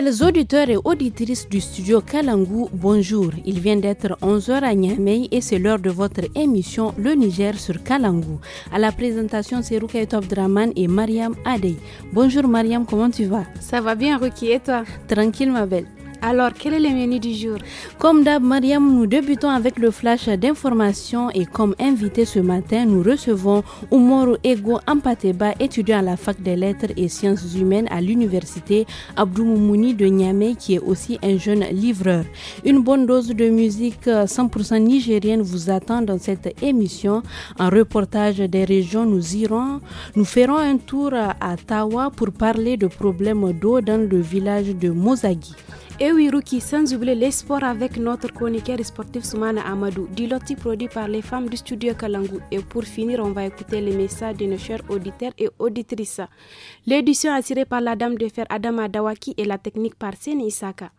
Les auditeurs et auditrices du studio Kalangu, bonjour. Il vient d'être 11h à Niamey et c'est l'heure de votre émission Le Niger sur Kalangu. À la présentation, c'est Rukai Draman et Mariam Adey. Bonjour Mariam, comment tu vas Ça va bien Ruki et toi Tranquille ma belle. Alors, quel est le menu du jour Comme d'hab, Mariam, nous débutons avec le flash d'information et comme invité ce matin, nous recevons Oumoru Ego Ampateba, étudiant à la fac des lettres et sciences humaines à l'université Abdou de Niamey, qui est aussi un jeune livreur. Une bonne dose de musique 100% euh, nigérienne vous attend dans cette émission. En reportage des régions, nous irons, nous ferons un tour à Tawa pour parler de problèmes d'eau dans le village de Mozagi. Et eh oui, Ruki, sans oublier les sports avec notre chroniqueur sportif Soumana Amadou, du loti produit par les femmes du studio Kalangu. Et pour finir, on va écouter les messages de nos chers auditeurs et auditrices. L'édition assurée par la dame de fer Adama Dawaki et la technique par Sene Isaka.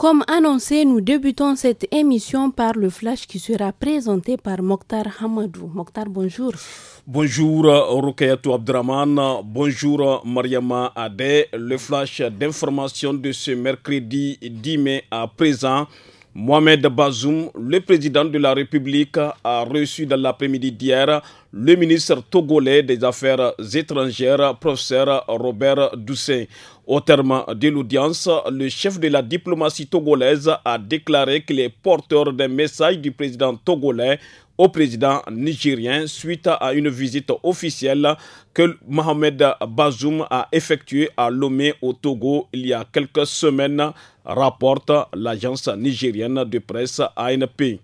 Comme annoncé, nous débutons cette émission par le flash qui sera présenté par Mokhtar Hamadou. Mokhtar, bonjour. Bonjour euh, Rukayatou Abdraman, bonjour Mariama Adé. Le flash d'information de ce mercredi 10 mai à présent. Mohamed Bazoum, le président de la République, a reçu dans l'après-midi d'hier le ministre togolais des Affaires étrangères, professeur Robert Doucet. Au terme de l'audience, le chef de la diplomatie togolaise a déclaré qu'il est porteur d'un message du président togolais au président nigérien suite à une visite officielle que Mohamed Bazoum a effectuée à Lomé au Togo il y a quelques semaines, rapporte l'agence nigérienne de presse ANP.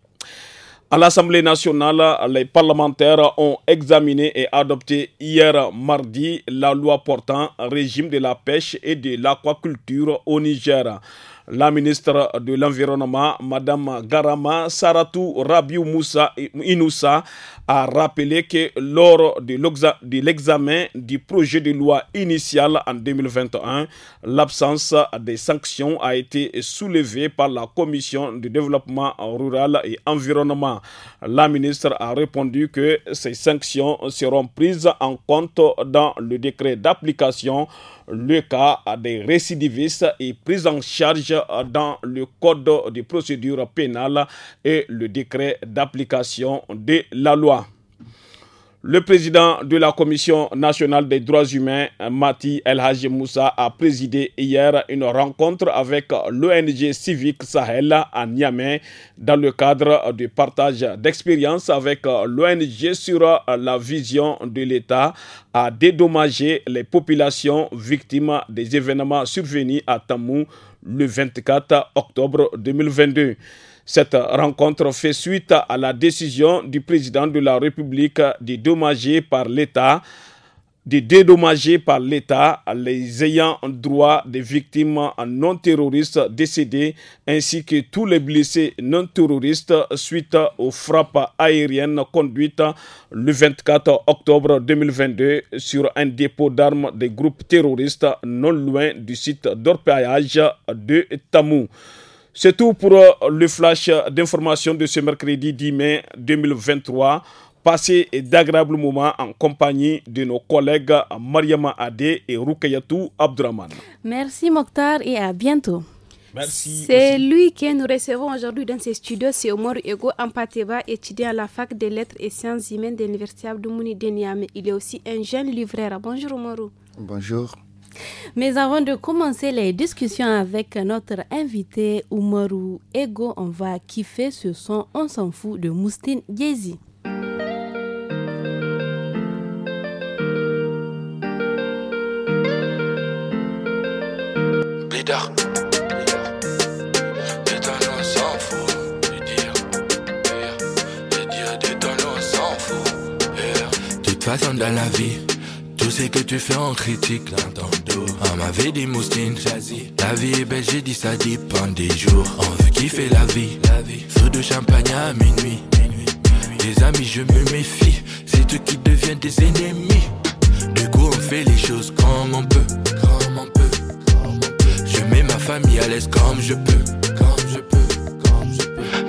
À l'Assemblée nationale, les parlementaires ont examiné et adopté hier mardi la loi portant régime de la pêche et de l'aquaculture au Niger. La ministre de l'Environnement, Madame Garama Saratou Rabiou Moussa Inoussa, a rappelé que lors de l'examen du projet de loi initial en 2021, l'absence des sanctions a été soulevée par la Commission du développement rural et environnement. La ministre a répondu que ces sanctions seront prises en compte dans le décret d'application le cas des récidivistes est pris en charge euh, dans le Code de procédure pénale et le décret d'application de la loi. Le président de la Commission nationale des droits humains, Mati El Moussa, a présidé hier une rencontre avec l'ONG civique Sahel à Niamey dans le cadre du partage d'expériences avec l'ONG sur la vision de l'État à dédommager les populations victimes des événements survenus à Tamou le 24 octobre 2022. Cette rencontre fait suite à la décision du président de la République de par l'État de dédommager par l'État les ayants droit des victimes non terroristes décédées ainsi que tous les blessés non terroristes suite aux frappes aériennes conduites le 24 octobre 2022 sur un dépôt d'armes des groupes terroristes non loin du site d'orpaillage de Tamou. C'est tout pour euh, le flash d'information de ce mercredi 10 mai 2023. Passez d'agréables moments en compagnie de nos collègues Mariama Ade et Rukayatou Abdraman. Merci Mokhtar et à bientôt. Merci. C'est lui que nous recevons aujourd'hui dans ses studios, c'est Omar Ego Ampateba, étudiant à la fac des lettres et sciences humaines de l'Université Abdoumouni de Niamey. Il est aussi un jeune libraire. Bonjour Omarou. Bonjour. Mais avant de commencer les discussions avec notre invité Umaru Ego, on va kiffer ce son On s'en fout de Moustine Yezi. De toute façon dans la vie je sais que tu fais en critique, l'intendo. On m'avait dit moustine, La vie est belle, j'ai dit ça dépend des jours. On veut kiffer la vie, la vie. Feu de champagne à minuit. minuit, amis, je me méfie. C'est eux qui deviennent des ennemis. Du coup, on fait les choses comme on peut. Comme on peut. Comme on peut. Je mets ma famille à l'aise comme je peux. Comme je peux.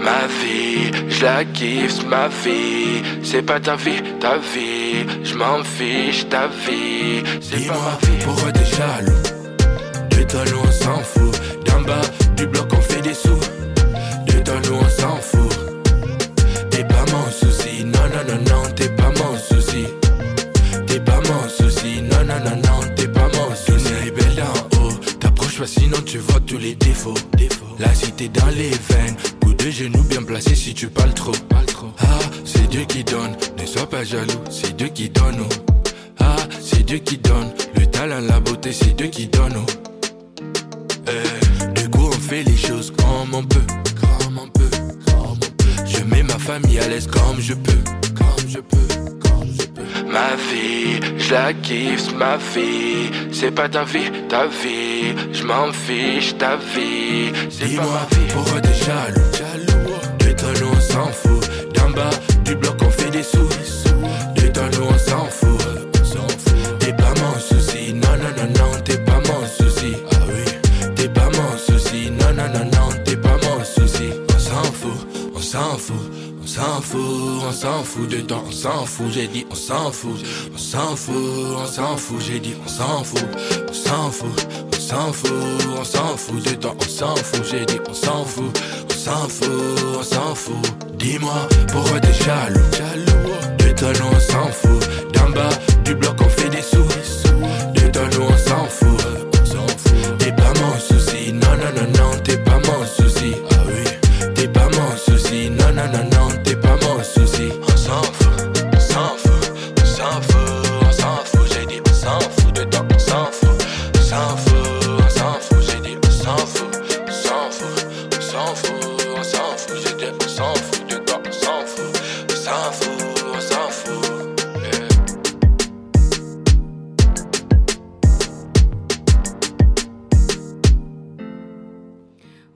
Ma vie, je la kiffe, ma vie. C'est pas ta vie, ta vie. Je m'en fiche, ta vie. C'est pas ma vie. Pourquoi t'es jaloux De toi, on s'en fout. D'en bas du bloc, on fait des sous. De toi, on s'en fout. T'es pas mon souci. Non, non, non, non, t'es pas mon souci. T'es pas mon souci. Non, non, non, non, t'es pas mon souci. est belle en haut. T'approches pas, sinon tu vois tous les défauts. La cité dans les veines genoux bien placés si tu parles trop. Ah, c'est Dieu qui donne, ne sois pas jaloux, c'est Dieu qui donne. Oh. Ah, c'est Dieu qui donne, le talent, la beauté, c'est Dieu qui donne. Oh. Eh, du coup, on fait les choses comme on peut. Comme on peut, comme Je mets ma famille à l'aise comme je peux. Comme je peux. Ma vie, je la kiffe, ma vie. C'est pas ta vie, ta vie. Je m'en fiche, ta vie. C'est pas ma vie. Pourquoi t'es jaloux? Jaloux. De ton on s'en fout. D'en bas on s'en fout de on s'en fout, j'ai dit on s'en fout, on s'en fout, on s'en fout, j'ai dit on s'en fout, on s'en fout, on s'en fout, on s'en fout de temps, on s'en fout, j'ai dit on s'en fout, on s'en fout, on s'en fout. Dis-moi pourquoi t'es jaloux, jaloux. De ton on s'en fout, d'en bas du bloc on fait des sous, de ton on s'en fout.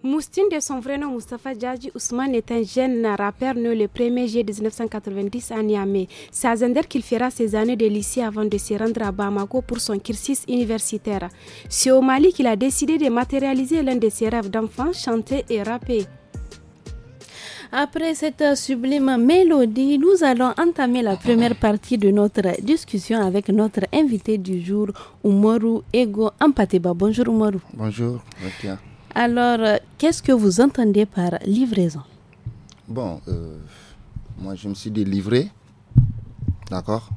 Moustine de son vrai nom Mustafa Djadji Ousmane est un jeune rappeur né le 1er juillet 1990 à Niamey. C'est à Zender qu'il fera ses années de lycée avant de se rendre à Bamako pour son cursus universitaire. C'est au Mali qu'il a décidé de matérialiser l'un de ses rêves d'enfant, chanter et rapper. Après cette sublime mélodie, nous allons entamer la première partie de notre discussion avec notre invité du jour, Umoru Ego Ampateba. Bonjour Umoru. Bonjour, alors, euh, qu'est-ce que vous entendez par livraison Bon, euh, moi je me suis dit livrer, d'accord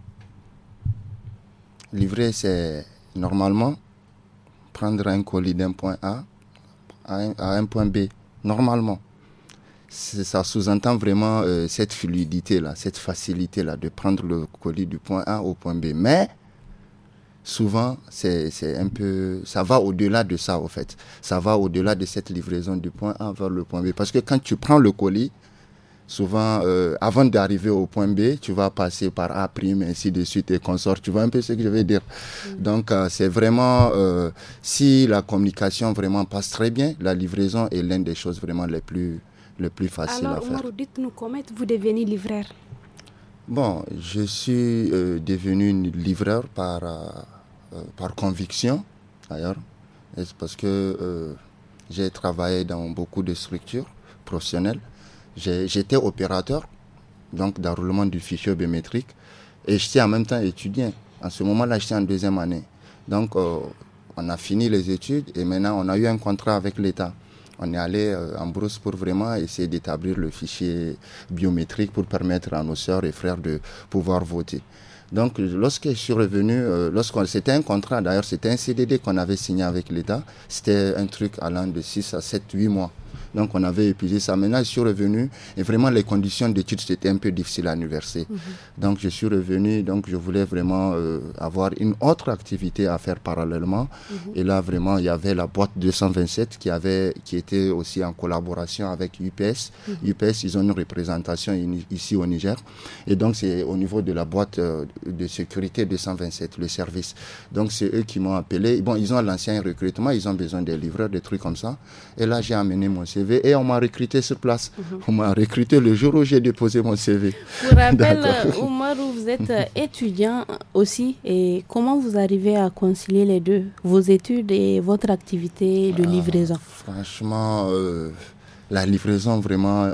Livrer, c'est normalement prendre un colis d'un point A à un, point B, normalement. Ça sous-entend vraiment euh, cette fluidité-là, cette facilité-là de prendre le colis du point A au point B. Mais souvent, c'est un peu, ça va au-delà de ça, en fait. Ça va au-delà de cette livraison du point A vers le point B. Parce que quand tu prends le colis, souvent, euh, avant d'arriver au point B, tu vas passer par A', prime, ainsi de suite, et consort. Tu vois un peu ce que je veux dire. Mm. Donc, euh, c'est vraiment, euh, si la communication vraiment passe très bien, la livraison est l'une des choses vraiment les plus, les plus faciles Alors, à Omar, dites-nous comment êtes-vous devenu livreur Bon, je suis devenu livreur par euh, par conviction, d'ailleurs, parce que euh, j'ai travaillé dans beaucoup de structures professionnelles. J'étais opérateur, donc d'enroulement du fichier biométrique, et j'étais en même temps étudiant. En ce moment-là, j'étais en deuxième année. Donc, euh, on a fini les études et maintenant, on a eu un contrat avec l'État. On est allé en Brousse pour vraiment essayer d'établir le fichier biométrique pour permettre à nos sœurs et frères de pouvoir voter. Donc, lorsque je suis revenu, euh, lorsqu'on, c'était un contrat, d'ailleurs, c'était un CDD qu'on avait signé avec l'État. C'était un truc allant de 6 à 7, 8 mois. Donc on avait épuisé ça. Maintenant, je suis revenu et vraiment les conditions d'études, c'était un peu difficile à l'université. Mhm. Donc je suis revenu, donc je voulais vraiment euh, avoir une autre activité à faire parallèlement. Mhm. Et là, vraiment, il y avait la boîte 227 qui, avait, qui était aussi en collaboration avec UPS. Mhm. UPS, ils ont une représentation ici au Niger. Et donc c'est au niveau de la boîte euh, de sécurité 227, le service. Donc c'est eux qui m'ont appelé. Bon, ils ont l'ancien recrutement, ils ont besoin des livreurs, des trucs comme ça. Et là, j'ai amené mon CV et on m'a recruté sur place. Mhm. On m'a recruté le jour où j'ai déposé mon CV. Pour rappel, euh, Omar, vous êtes euh, étudiant aussi et comment vous arrivez à concilier les deux, vos études et votre activité de ah, livraison Franchement, euh, la livraison vraiment...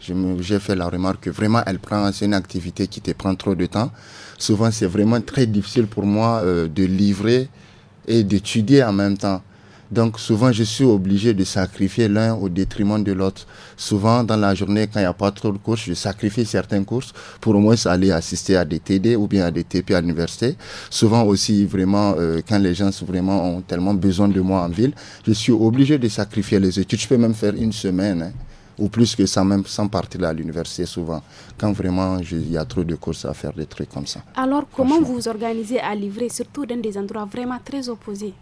j'ai fait la remarque que vraiment elle prend c'est une activité qui te prend trop de temps. Souvent c'est vraiment très difficile pour moi de livrer et d'étudier en même temps. Donc souvent, je suis obligé de sacrifier l'un au détriment de l'autre. Souvent, dans la journée, quand il n'y a pas trop de courses, je sacrifie certaines courses pour au moins aller assister à des TD ou bien à des TP à l'université. Souvent aussi, vraiment, euh, quand les gens vraiment ont tellement besoin de moi en ville, je suis obligé de sacrifier les études. Je peux même faire une semaine. Hein, ou plus que ça, même sans partir à l'université souvent, quand vraiment il y a trop de courses à faire, des trucs comme ça. Alors comment vous vous organisez à livrer, surtout dans des endroits vraiment très opposés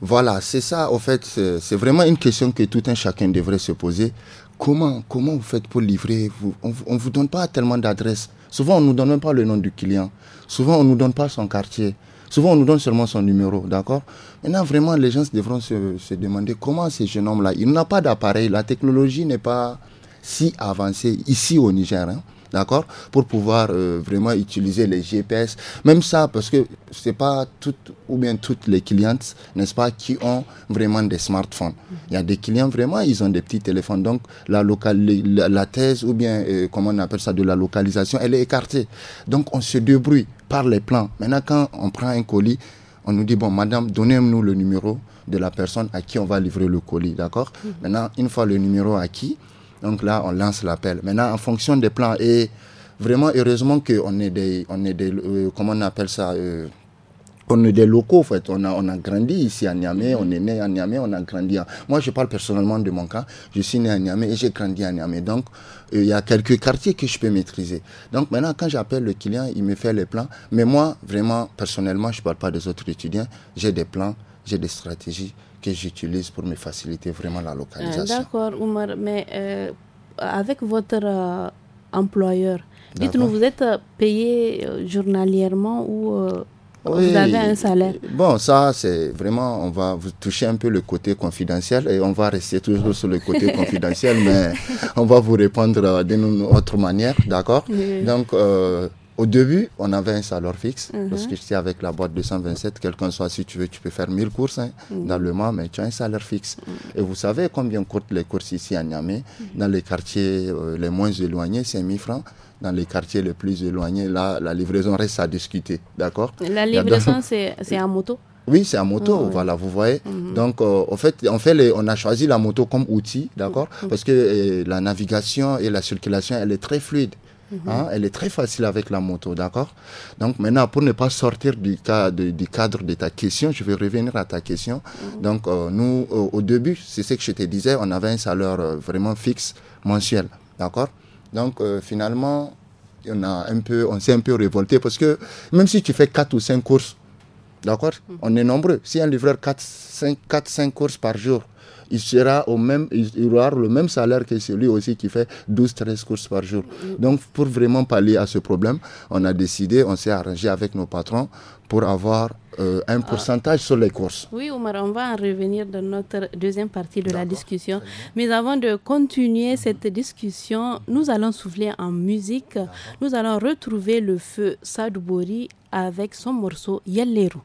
voilà, c'est ça, au fait, c'est vraiment une question que tout un chacun devrait se poser. Comment, vous faites pour livrer On ne vous donne pas tellement d'adresses. Souvent, on ne nous donne même pas le nom du client. Souvent, on ne nous donne pas son quartier. Souvent, on nous donne seulement son numéro, d'accord Maintenant, vraiment, les gens devront se, demander comment ces jeunes hommes-là, il n'a pas d'appareil, la technologie n'est pas si avancée ici au Niger. Hein d'accord, pour pouvoir euh, vraiment utiliser les GPS. Même ça, parce que c'est pas toutes ou bien toutes les clientes, n'est-ce pas, qui ont vraiment des smartphones. Il y a des clients vraiment, ils ont des petits téléphones. Donc la, la thèse ou bien euh, comment on appelle ça de la localisation, elle est écartée. Donc on se débrouille par les plans. Maintenant, quand on prend un colis, on nous dit bon, madame, donnez-nous le numéro de la personne à qui on va livrer le colis, d'accord. Mhm. Maintenant, une fois le numéro acquis, donc là, on lance l'appel. Maintenant, en fonction des plans, et vraiment, heureusement qu'on est des, on est des euh, comment on appelle ça euh, on est des locaux, en fait. On a, grandi ici à Niamey, on est né à Niamey, on a grandi à... Moi, je parle personnellement de mon cas. Je suis né à Niamey et j'ai grandi à Niamey. Donc, euh, il y a quelques quartiers que je peux maîtriser. Donc, maintenant, quand j'appelle le client, il me fait les plans. Mais moi, vraiment, personnellement, je ne parle pas des autres étudiants. J'ai des plans, j'ai des stratégies, que j'utilise pour me faciliter vraiment la euh, localisation. D'accord, Oumar, mais euh, avec votre euh, employeur, dites-nous, vous êtes payé journalièrement ou vous avez un salaire Bon, ça, c'est vraiment, on va vous toucher un peu le côté confidentiel et on va rester toujours sur le côté confidentiel, mais on va vous répondre d'une autre manière, d'accord Donc, au début, on avait un salaire fixe. Mhm. Parce que j'étais avec la boîte 227, quelqu'un soit, si tu veux, tu peux faire 1000 courses hein, mhm. dans le mois, mais tu as un salaire fixe. Mhm. Et vous savez combien coûtent les courses ici à Niamey Dans les quartiers euh, les moins éloignés, c'est 1000 francs. Dans les quartiers les plus éloignés, là, la livraison reste à discuter. D'accord La livraison, c'est en moto oui, c'est en moto, ah voilà, vous voyez. Donc, en euh, fait, on, fait on a choisi la moto comme outil, d'accord Parce que euh, la navigation et la circulation, elle est très fluide. Mhm. Hein, elle est très facile avec la moto, d'accord Donc maintenant, pour ne pas sortir du, cas, du cadre de ta question, je vais revenir à ta question. Mhm. Donc euh, nous, au début, c'est ce que je te disais, on avait un salaire euh, vraiment fixe mensuel, d'accord Donc euh, finalement, on, a un peu, on s'est un peu révolté parce que même si tu fais 4 ou 5 courses, d'accord mhm. On est nombreux. Si un livreur 4, 5, 5 courses par jour, il sera au même, il aura le même salaire que celui aussi qui fait 12-13 courses par jour. Donc, pour vraiment pallier à ce problème, on a décidé, on s'est arrangé avec nos patrons pour avoir euh, un ah. pourcentage sur les courses. Oui, Omar, on va en revenir dans notre deuxième partie de la discussion. Mais avant de continuer cette discussion, nous allons souffler en musique. Nous allons retrouver le feu Sadoubori avec son morceau Yelleru.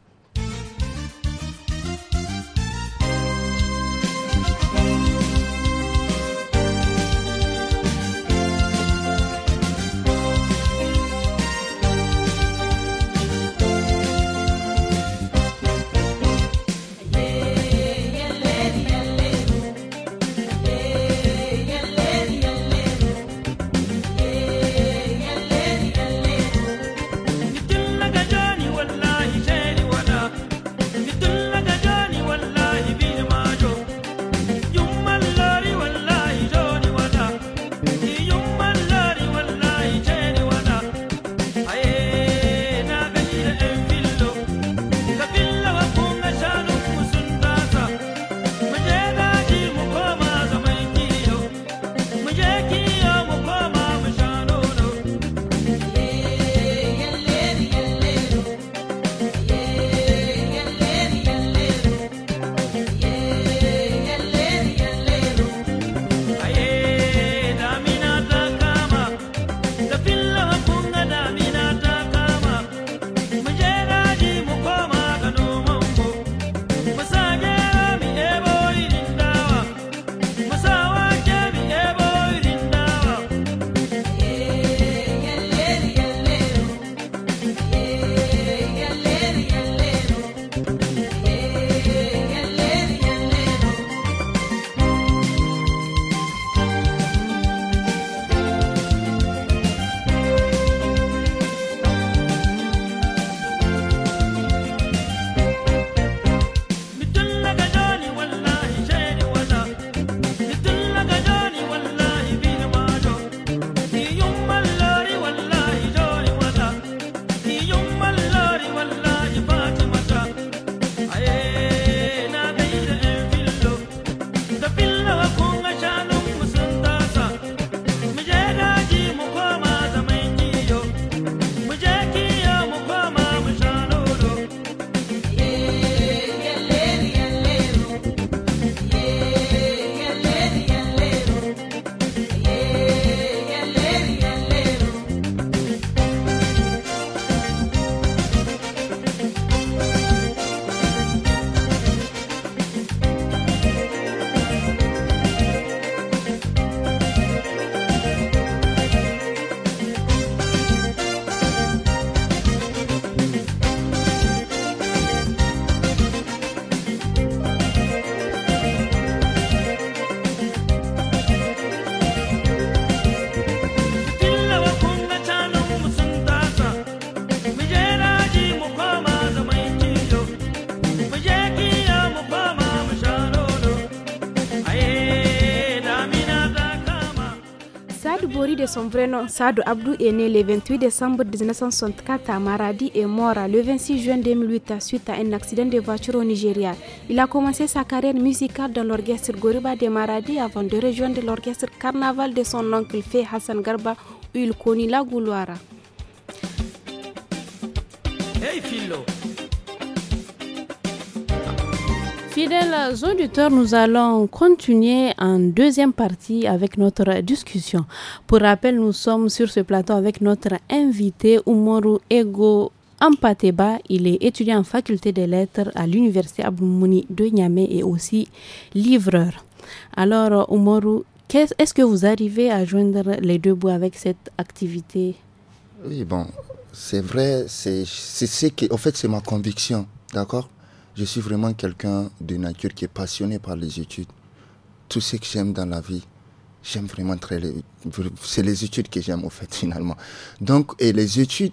son vrai nom, Sado Abdou, est né le 28 décembre 1964 à Maradi et mort le 26 juin 2008 suite à un accident de voiture au Nigeria. Il a commencé sa carrière musicale dans l'orchestre Goriba de Maradi avant de rejoindre l'orchestre Carnaval de son oncle Fé Hassan Garba où il connaît la Fidèles auditeurs, nous allons continuer en deuxième partie avec notre discussion. Pour rappel, nous sommes sur ce plateau avec notre invité Umoru Ego Ampateba. Il est étudiant en faculté des lettres à l'université Aboumouni de Niamey et aussi livreur. Alors, Umoru, est-ce que vous arrivez à joindre les deux bouts avec cette activité Oui, bon, c'est vrai, c'est ce qui, en fait, c'est ma conviction, d'accord je suis vraiment quelqu'un de nature qui est passionné par les études. Tout ce que j'aime dans la vie, j'aime vraiment très... C'est les études que j'aime, au fait, finalement. Donc, et les études,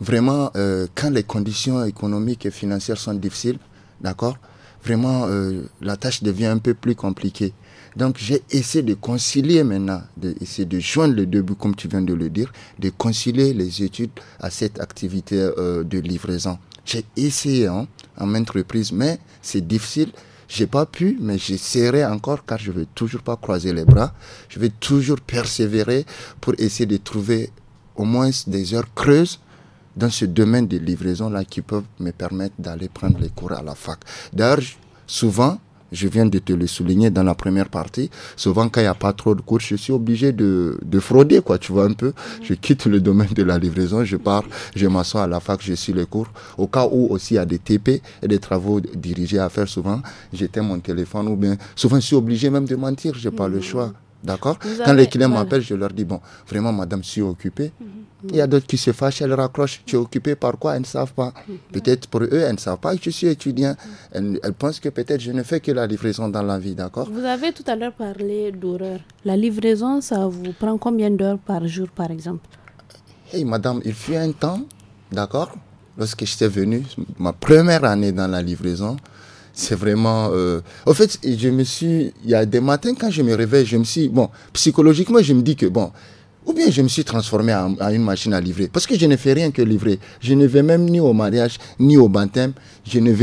vraiment, euh, quand les conditions économiques et financières sont difficiles, d'accord Vraiment, euh, la tâche devient un peu plus compliquée. Donc, j'ai essayé de concilier maintenant, d'essayer de, joindre les deux bouts, comme tu viens de le dire, de concilier les études à cette activité euh, de livraison. J'ai essayé, hein, en maintes reprises, mais c'est difficile. J'ai pas pu, mais j'essaierai encore car je vais toujours pas croiser les bras. Je vais toujours persévérer pour essayer de trouver au moins des heures creuses dans ce domaine de livraison là qui peuvent me permettre d'aller prendre les cours à la fac. D'ailleurs, souvent, je viens de te le souligner dans la première partie, souvent quand il n'y a pas trop de cours, je suis obligé de, frauder, quoi, tu vois un peu. Mhm. Je quitte le domaine de la livraison, je pars, je m'assois à la fac, je suis les cours. Au cas où aussi il y a des TP et des travaux dirigés à faire, souvent j'éteins mon téléphone ou bien souvent je suis obligé même de mentir, je n'ai pas le mhm. choix. D'accord Quand les clients m'appellent, je leur dis, bon, vraiment, madame, je suis occupée, mhm. Il y a d'autres qui se fâchent, elles raccrochent. Tu es occupé par quoi Elles ne savent pas. Peut-être pour eux, elles ne savent pas que je suis étudiant. Elles, pensent que peut-être je ne fais que la livraison dans la vie, d'accord Vous avez tout à l'heure parlé d'horreur. La livraison, ça vous prend combien d'heures par jour, par exemple Hey, madame, il fut un temps, d'accord Lorsque j'étais venu, ma première année dans la livraison, c'est vraiment. Euh... Au fait, je me suis. Il y a des matins, quand je me réveille, je me suis. Bon, psychologiquement, je me dis que, bon, ou bien je me suis transformé en, une machine à livrer. Parce que je ne fais rien que livrer. Je ne vais même ni au mariage, ni au baptême. Je ne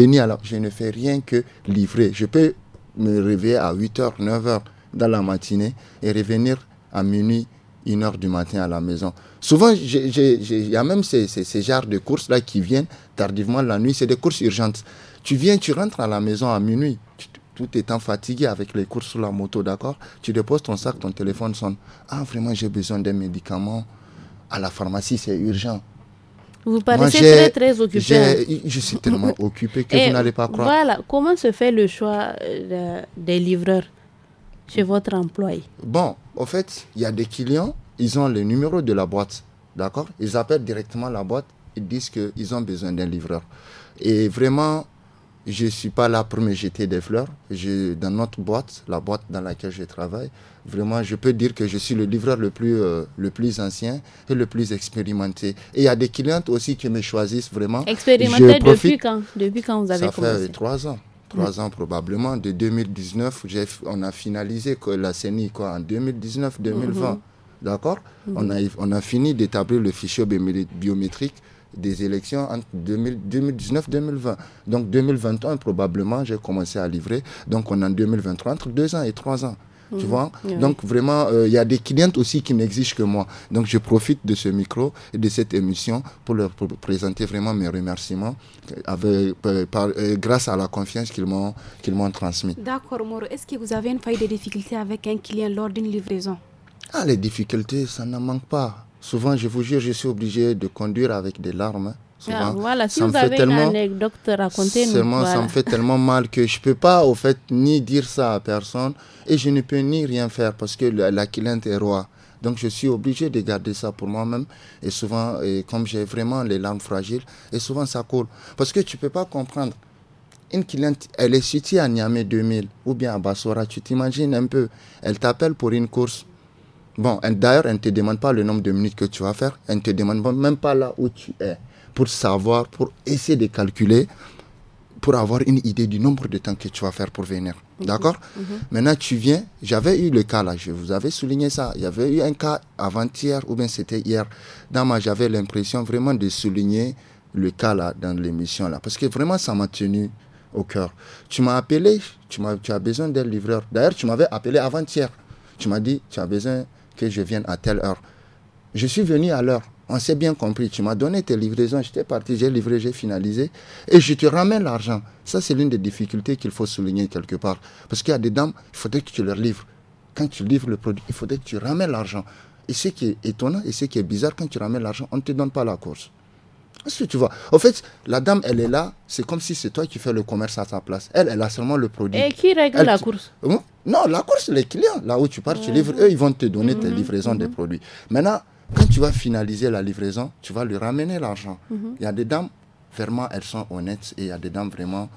Je ne fais rien que livrer. Je peux me réveiller à 8h, 9h dans la matinée et revenir à minuit, 1h du matin à la maison. Souvent, il y a même ces, ces, genres de courses-là qui viennent tardivement la nuit. C'est des courses urgentes. Tu viens, tu rentres à la maison à minuit tout étant fatigué avec les courses sur la moto, d'accord Tu déposes ton sac, ton téléphone sonne. Ah, vraiment, j'ai besoin d'un médicament. À la pharmacie, c'est urgent. Vous paraissez très, très occupé. Hein. Je suis tellement occupé que vous n'allez pas croire. Voilà, comment se fait le choix euh, des livreurs chez votre employé Bon, au fait, il y a des clients, ils ont le numéro de la boîte, d'accord Ils appellent directement la boîte, ils disent qu'ils ont besoin d'un livreur. Et vraiment, je ne suis pas là pour me jeter des fleurs. Je, dans notre boîte, la boîte dans laquelle je travaille, vraiment, je peux dire que je suis le livreur le plus, euh, le plus ancien et le plus expérimenté. Et il y a des clientes aussi qui me choisissent vraiment. Expérimenté depuis quand Depuis quand vous avez commencé Ça fait trois ans. Trois ans probablement. De 2019, on a finalisé la CENI quoi, en 2019-2020. Mhm. D'accord mhm. on, a, on a fini d'établir le fichier biométrique des élections entre 2019-2020. Donc 2021, probablement, j'ai commencé à livrer. Donc on est en 2023, entre deux ans et trois ans. Tu mmh. vois Donc vraiment, euh, il y a des clientes aussi qui n'exigent que moi. Donc je profite de ce micro et de cette émission pour leur présenter vraiment mes remerciements avec, euh, euh, grâce à la confiance qu'ils m'ont qu'ils m'ont transmise. D'accord, Moro. Est-ce que vous avez une faille de difficulté avec un client lors d'une livraison Ah, les difficultés, ça n'en manque pas. Souvent, je vous jure, je suis obligé de conduire avec des larmes. Ah, souvent, voilà, si ça vous me avez fait tellement, anecdote, voilà. ça me fait tellement mal que je ne peux pas, au fait, ni dire ça à personne et je ne peux ni rien faire parce que la cliente est roi. Donc je suis obligé de garder ça pour moi-même. Et souvent, comme j'ai vraiment les larmes fragiles, et souvent ça coule. Parce que tu ne peux pas comprendre. Une cliente, elle est située à Niamey 2000 ou bien à Bassora, tu t'imagines un peu. Elle t'appelle pour une course. Bon, d'ailleurs, elle ne te demande pas le nombre de minutes que tu vas faire, elle ne te demande même pas là où tu es, pour savoir, pour essayer de calculer, pour avoir une idée du nombre de temps que tu vas faire pour venir. D'accord mhm. Maintenant, tu viens, j'avais eu le cas là, je vous avais souligné ça, il y avait eu un cas avant-hier, ou bien c'était hier, dans ma, j'avais l'impression vraiment de souligner le cas là, dans l'émission là, parce que vraiment, ça m'a tenu au cœur. Tu m'as appelé, tu, m'as tu as besoin d'un livreur. D'ailleurs, tu m'avais appelé avant-hier. Tu m'as dit, tu as besoin que je vienne à telle heure. Je suis venu à l'heure. On s'est bien compris. Tu m'as donné tes livraisons. J'étais parti, j'ai livré, j'ai finalisé. Et je te ramène l'argent. Ça, c'est l'une des difficultés qu'il faut souligner quelque part. Parce qu'il y a des dames, il faudrait que tu leur livres. Quand tu livres le produit, il faudrait que tu ramènes l'argent. Et ce qui est étonnant et ce qui est bizarre, quand tu ramènes l'argent, on ne te donne pas la course. Ah, tu vois En fait, la dame, elle est là, c'est comme si c'est toi qui fais le commerce à sa place. Elle, elle a seulement le produit. Et qui règle la course hein? Non, la course, les clients. Là où tu pars, tu livres, eux, ils vont te donner tes mhm. livraisons des mhm. produits. Maintenant, quand tu vas finaliser la livraison, tu vas lui ramener l'argent. Mhm. Il y a des dames, vraiment, elles sont honnêtes et il y a des dames vraiment.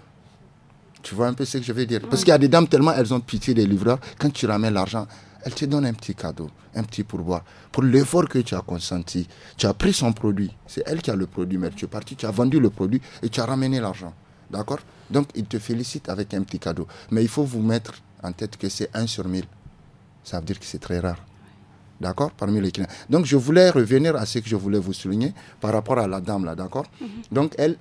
Tu vois un peu ce que je veux dire Parce qu'il y a des dames tellement elles ont pitié des livreurs, quand tu ramènes l'argent, elle te donne un petit cadeau, un petit pourboire. Pour l'effort que tu as consenti, tu as pris son produit. C'est elle qui a le produit, mais tu es parti, tu as vendu le produit et tu as ramené l'argent. D'accord Donc, il te félicite avec un petit cadeau. Mais il faut vous mettre en tête que c'est 1 sur 1000. Ça veut dire que c'est très rare. D'accord Parmi les clients. Donc, je voulais revenir à ce que je voulais vous souligner par rapport à la dame, là, d'accord mhm. Donc, elle,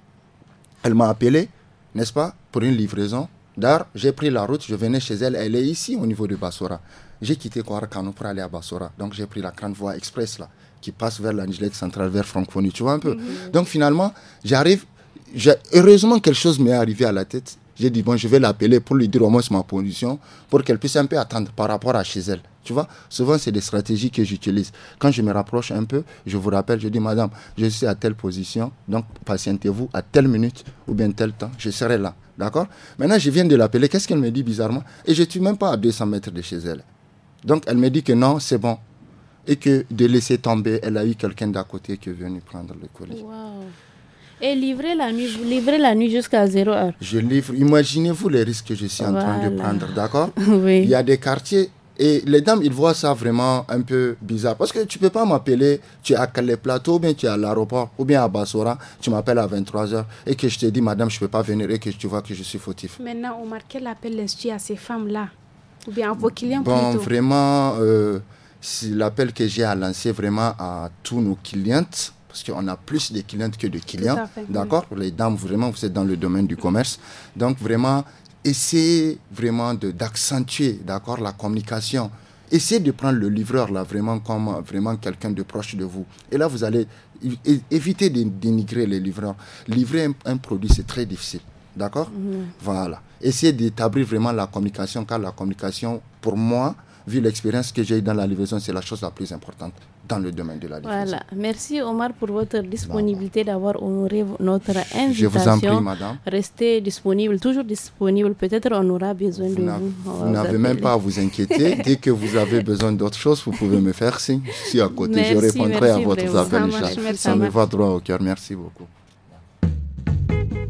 elle m'a appelé, n'est-ce pas, pour une livraison. D'art, j'ai pris la route, je venais chez elle. Elle est ici, au niveau de Bassora. J'ai quitté Kouarakano pour aller à Bassora. Donc j'ai pris la grande voie express là, qui passe vers l'Angelec central vers Francophonie, tu vois un peu. Mhm. Donc finalement, j'arrive. Heureusement, quelque chose m'est arrivé à la tête. J'ai dit, bon, je vais l'appeler pour lui dire au moins ma position, pour qu'elle puisse un peu attendre par rapport à chez elle. Tu vois, souvent, c'est des stratégies que j'utilise. Quand je me rapproche un peu, je vous rappelle, je dis, madame, je suis à telle position, donc patientez-vous à telle minute ou bien tel temps, je serai là. D'accord Maintenant, je viens de l'appeler. Qu'est-ce qu'elle me dit bizarrement Et je ne suis même pas à 200 mètres de chez elle. Donc elle me dit que non, c'est bon. Et que de laisser tomber, elle a eu quelqu'un d'à côté qui est venu prendre le colis. Et livrer la nuit, vous la nuit jusqu'à 0 heure. Je livre. Imaginez-vous les risques que je suis en train de prendre, d'accord Il y a des quartiers et les dames, ils voient ça vraiment un peu bizarre. Parce que tu peux pas m'appeler, tu es à Calais Plateau, ou bien tu es à l'aéroport, ou bien à Bassora, tu m'appelles à 23h et que je te dis, madame, je peux pas venir et que tu vois que je suis fautif. Maintenant, on marque l'appel à ces femmes-là ou bien vos clients Bon, vraiment, euh, c'est l'appel que j'ai à lancer vraiment à tous nos clientes, parce qu'on a plus de clientes que de clients, d'accord pour Les dames, vraiment, vous êtes dans le domaine du commerce. Donc, vraiment, essayez vraiment d'accentuer, d'accord, la communication. Essayez de prendre le livreur là vraiment comme vraiment quelqu'un de proche de vous. Et là, vous allez éviter de dénigrer les livreurs. Livrer un, produit, c'est très difficile. D'accord mhm. Voilà essayer d'établir vraiment la communication, car la communication, pour moi, vu l'expérience que j'ai dans la livraison, c'est la chose la plus importante dans le domaine de la livraison. Voilà. Merci Omar pour votre disponibilité d'avoir honoré notre invitation. Je vous en prie, madame. Restez disponible, toujours disponible. Peut-être on aura besoin de vous. Vous n'avez même pas à vous inquiéter. Dès que vous avez besoin d'autre chose, vous pouvez me faire signe. Je suis à côté, je répondrai à votre appel. ça me va droit au cœur. Merci beaucoup.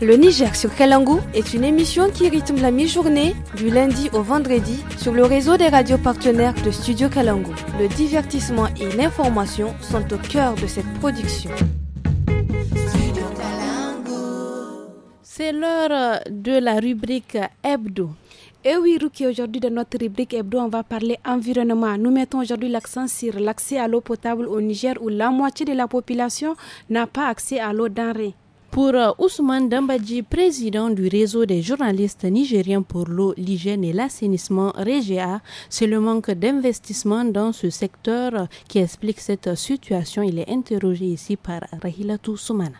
Le Niger sur Kalangu est une émission qui rythme la mi-journée du lundi au vendredi sur le réseau des radios partenaires de Studio Kalangu. Le divertissement et l'information sont au cœur de cette production. C'est l'heure de la rubrique hebdo. Et eh oui, Ruki, aujourd'hui dans notre rubrique hebdo, on va parler environnement. Nous mettons aujourd'hui l'accent sur l'accès à l'eau potable au Niger où la moitié de la population n'a pas accès à l'eau denrée. Pour euh, Ousmane Dambadji, président du réseau des journalistes nigériens pour l'eau, l'hygiène et l'assainissement REGEA, c'est le manque d'investissement dans ce secteur qui explique cette situation. Il est interrogé ici par Rahila Toussoumana.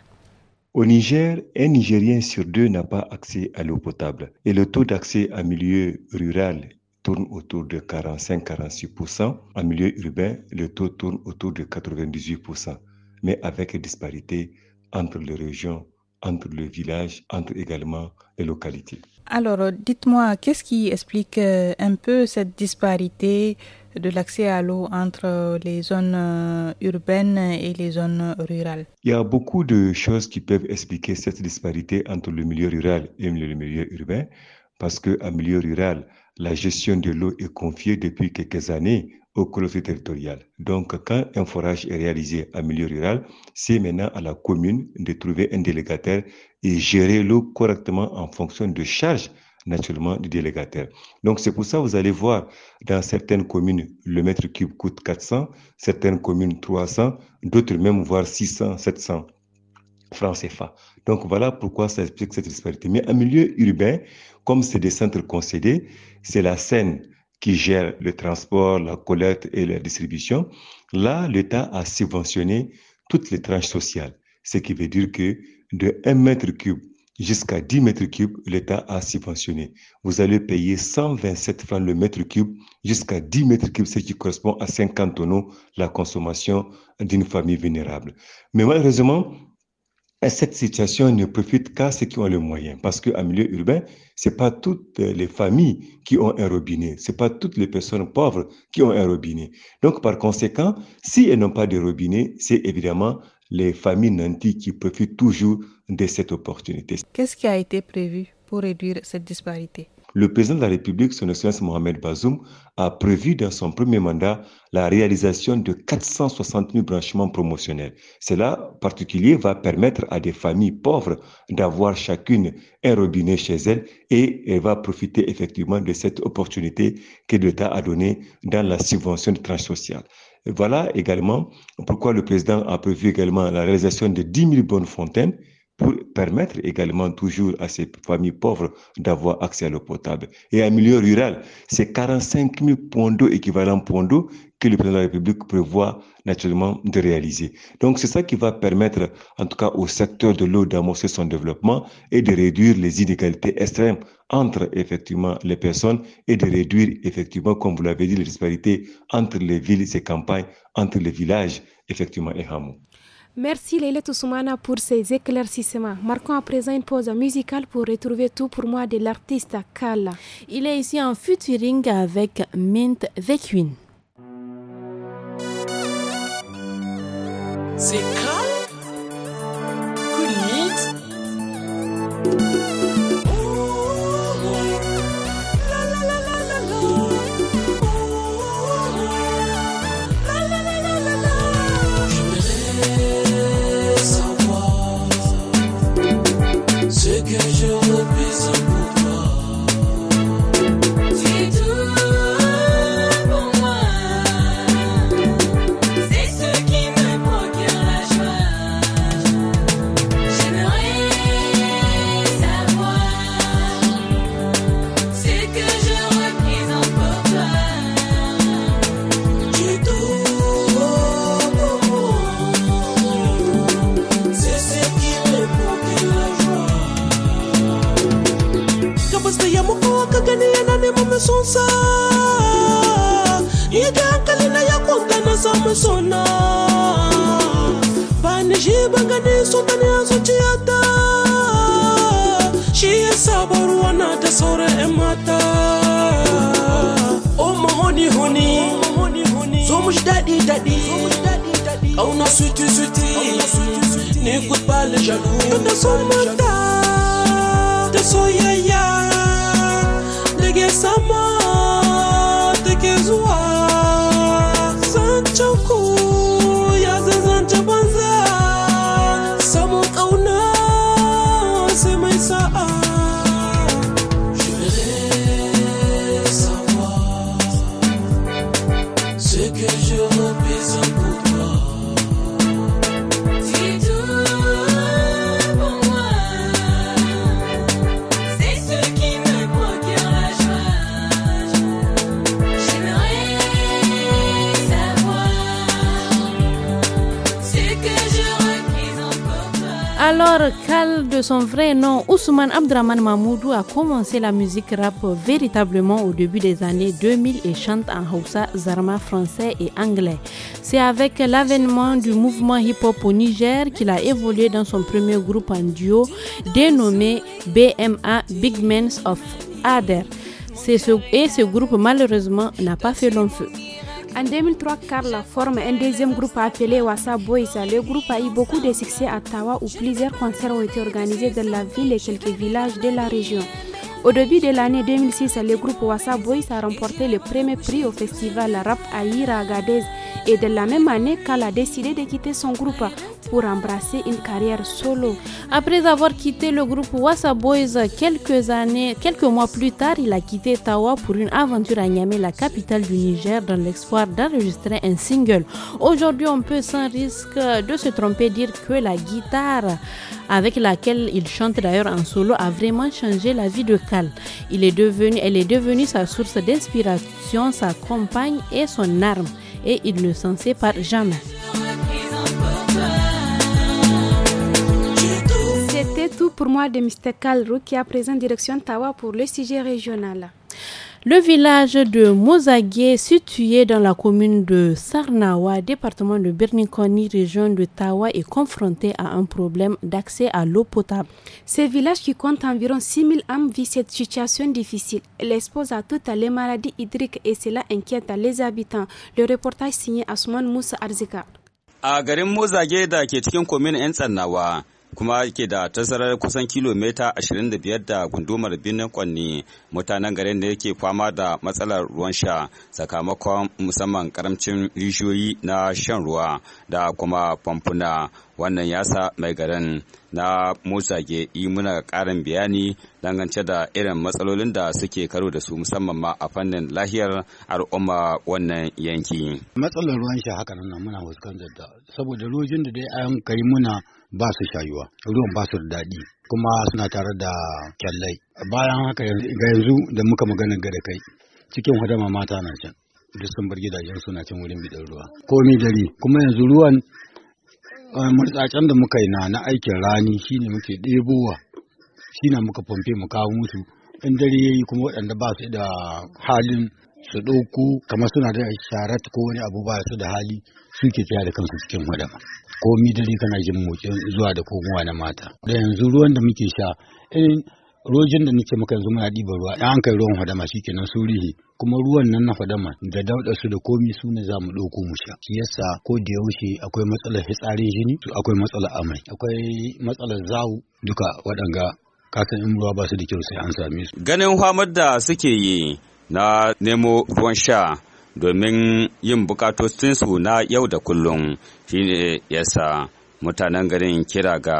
Au Niger, un Nigérien sur deux n'a pas accès à l'eau potable et le taux d'accès à milieu rural tourne autour de 45-46%. En milieu urbain, le taux tourne autour de 98%, mais avec disparité entre les régions, entre les villages, entre également les localités. Alors, dites-moi, qu'est-ce qui explique euh, un peu cette disparité de l'accès à l'eau entre euh, les zones euh, urbaines et les zones rurales Il y a beaucoup de choses qui peuvent expliquer cette disparité entre le milieu rural et le milieu urbain, parce qu'en milieu rural, la gestion de l'eau est confiée depuis quelques années aux collectivités territoriales. Donc, quand un forage est réalisé en milieu rural, c'est maintenant à la commune de trouver un délégataire et gérer l'eau correctement en fonction de charges naturellement du délégataire. Donc c'est pour ça que vous allez voir dans certaines communes, le mètre cube coûte 400, certaines communes 300, d'autres même voire 600, 700 francs CFA. Donc voilà pourquoi ça explique cette disparité. Mais en milieu urbain, comme c'est des centres concédés, c'est la Seine, qui gère le transport, la collecte et la distribution, là, l'État a subventionné toutes les tranches sociales. Ce qui veut dire que de 1 mètre cube jusqu'à 10 mètres cubes, l'État a subventionné. Vous allez payer 127 francs le mètre cube jusqu'à 10 mètres cubes, ce qui correspond à 50 tonneaux la consommation d'une famille vulnérable. Mais malheureusement, cette situation ne profite qu'à ceux qui ont le moyen. Parce qu'en milieu urbain, ce n'est pas toutes les familles qui ont un robinet. Ce n'est pas toutes les personnes pauvres qui ont un robinet. Donc, par conséquent, si elles n'ont pas de robinet, c'est évidemment les familles nantis qui profitent toujours de cette opportunité. Qu'est-ce qui a été prévu pour réduire cette disparité le président de la République, son Excellence Mohamed Bazoum, a prévu dans son premier mandat la réalisation de 460 000 branchements promotionnels. Cela, particulier, va permettre à des familles pauvres d'avoir chacune un robinet chez elles et, elle va profiter effectivement de cette opportunité que l'État a donnée dans la subvention de tranche sociale. Voilà également pourquoi le président a prévu également la réalisation de 10 000 bonnes fontaines pour permettre également toujours à ces familles pauvres d'avoir accès à l'eau potable. Et à milieu rural, c'est 45 000 points d'eau équivalents points d'eau que le président de la République prévoit naturellement de réaliser. Donc c'est ça qui va permettre en tout cas au secteur de l'eau d'amorcer son développement et de réduire les inégalités extrêmes entre effectivement les personnes et de réduire effectivement, comme vous l'avez dit, les disparités entre les villes et ces campagnes, entre les villages effectivement et hameaux. Merci Leila Toussoumana pour ces éclaircissements. Marquons à présent une pause musicale pour retrouver tout pour moi de l'artiste Kala. Il est ici en featuring avec Mint The C'est Kala son vrai nom, Ousmane Abdraman Mahmoudou a commencé la musique rap véritablement au début des années 2000 et chante en Hausa, Zarma français et anglais. C'est avec l'avènement du mouvement hip-hop au Niger qu'il a évolué dans son premier groupe en duo dénommé BMA Big Men's of Ader. Ce, et ce groupe malheureusement n'a pas fait long feu. En 2003, Carla forme un deuxième groupe appelé Wassa Boys. Le groupe a eu beaucoup de succès à Tawa où plusieurs concerts ont été organisés dans la ville et quelques villages de la région. Au début de l'année 2006, le groupe Wassa Boys a remporté le premier prix au festival rap à à Agadez et de la même année, Kal a décidé de quitter son groupe pour embrasser une carrière solo. Après avoir quitté le groupe Wassa Boys quelques années, quelques mois plus tard, il a quitté Tawa pour une aventure à Niamey, la capitale du Niger, dans l'espoir d'enregistrer un single. Aujourd'hui, on peut sans risque de se tromper dire que la guitare avec laquelle il chante d'ailleurs en solo a vraiment changé la vie de elle est devenue sa source d'inspiration, sa compagne et son arme, et il ne s'en sépare jamais. C'était tout pour moi de Mr. Kalrou qui a présent direction Tawa pour le sujet régional. Le village de Mozagué, situé dans la commune de Sarnawa, département de Bernikoni, région de Tawa, est confronté à un problème d'accès à l'eau potable. Ce village qui compte environ 6000 âmes vit cette situation difficile. Elle expose à toutes les maladies hydriques et cela inquiète les habitants. Le reportage signé Asman Moussa Arzika. kuma ke da tazarar kusan kilomita 25 da gundumar birnin kwanni mutanen garin da yake fama da matsalar ruwan sha sakamakon musamman karamcin rishiyoyi na shan ruwa da kuma famfuna wannan yasa mai garin na Musa ke yi muna ƙarin bayani dangance da irin matsalolin da suke karo da su musamman ma a fannin lahiyar al'umma wannan yanki. Matsalar ruwan sha haka nan muna fuskantar da saboda rojin da dai an kai muna ba su shayuwa ruwan ba su da daɗi kuma suna tare da kyallai bayan haka ga yanzu da muka magana ga da kai cikin hadama mata na can duk sun bar gidajen suna can wurin bidan ruwa komi dare kuma yanzu ruwan murtsacen da muka yi na na aikin rani shi ne muke ɗebowa shi shine muka fomfe mu kawo musu in dare ya yi kuma waɗanda ba su da halin su ɗauko kamar suna da sharat ko wani abu ba su da hali suke tsaya da kansu cikin wadama ko mi dare kana jin motsin zuwa da komowa na mata da yanzu ruwan da muke sha in rojin da nake muka yanzu muna ɗiba ruwa an kai ruwan fadama shikenan su surihi kuma ruwan nan na fadama da dauɗa su da komi su ne za mu ɗauko mu sha shi yasa ko da yaushe akwai matsalar fitsarin jini akwai matsalar amai akwai matsalar zawo duka waɗanga kasan in ruwa ba su da kyau sai an same su ganin famar da suke yi na nemo ruwan sha domin yin bukatocinsu na yau da kullum shine yasa mutanen garin kira ga